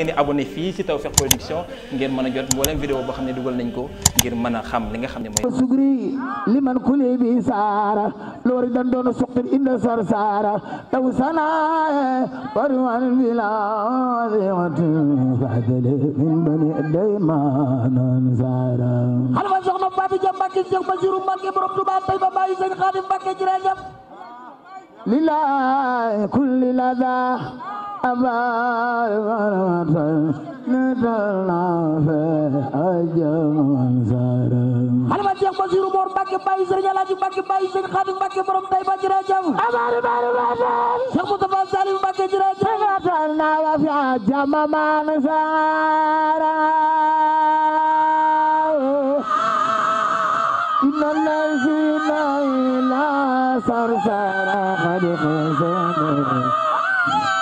ngeen di abonné fii ci Tawfekh Production ngeen a jot mboolem vidéo boo xam ne dugal nañ ko ngir mën a xam li nga xam ne mooy sugri li man kuli bi saara loori dan doon suqtin inda sar saara taw أبار غرمت نتلنا في أجل منزار حلما جيخ بزيرو مور باكي باي سرين علاجي باكي باي سرين خادم باكي برم تايبا جراجم أبار بار بار شيخ مصطفى سالم باكي جراجم نتلنا في أجل منزار إن الذين إلى صرصار قد خزنوا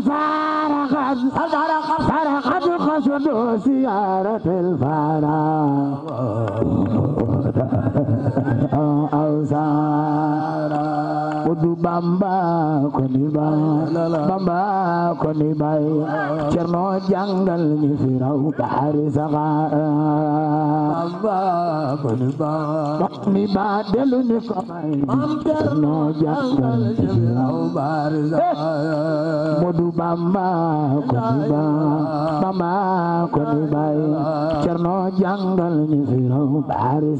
فارقت فارقت قصد سيارة الفراغ أو سارق Udu Bamba koni bay Bamba koni bay Cerno jàngal ñi fi raw bahari sagara Bamba koni bay Koni ba delu ni ko bay Cerno jàngal ñi fi raw bahari sagara Ahmadu Bamba ko di Bamba ko di bay Cerno jàngal ñu fi raw bari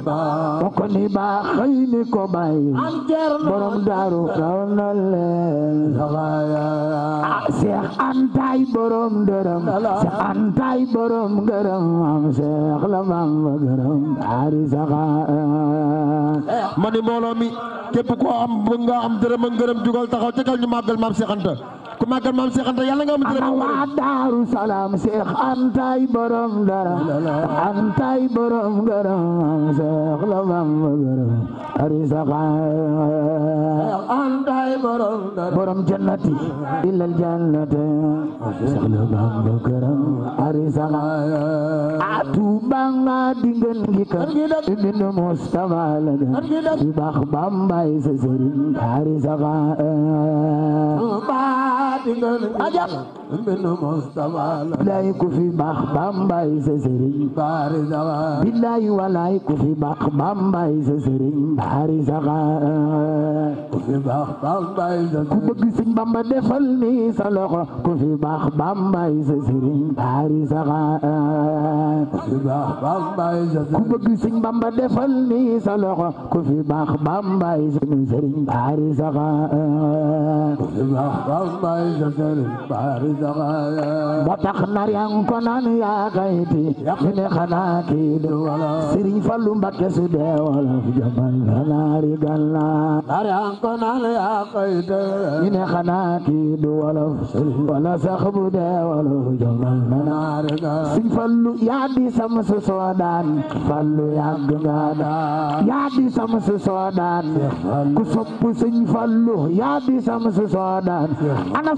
ba ko di ba xëy ni ko bay borom daaru raw na leen saxa Seex ah, Antaay borom dërëm Seex Antaay borom gërëm am Seex la Bamba ma ni mbooloo mi képp ko am bëgg am am dërëm ak ngërëm jugal taxaw ca kaw ñu màggal maam Cheikh Anta ku màggal maam Cheikh Anta yàlla nga am dërëm waa Daaru Salaam Cheikh Antay borom dara Antay borom gërëm Cheikh la mam gërëm ari saxa Antay borom dara borom jannati ilal jannati Cheikh la mam gërëm ari saxa jàng naa dingeen gi kër ibn Mustafa la di bax Bambaay sa sëriñ ajab mbinu Mustafa billahi ku fi max bambay sa sëriñ bari saxa billahi walay ku fi max bambay sa sëriñ bari saxa ku fi max bambay sa sëriñ ku bëgg sëñ bamba defal ni sa loxo ku fi max bambay sa sëriñ bari saxa ku fi max bambay sa sëriñ ku bëgg sëñ bamba defal ni sa loxo ku fi max bambay sa sëriñ bari saxa ku fi max bambay ba tax nar yaa ngi ko naan Fallu yaa ngi yaa kayti ne xanaa kii di Fallu yaa di sama su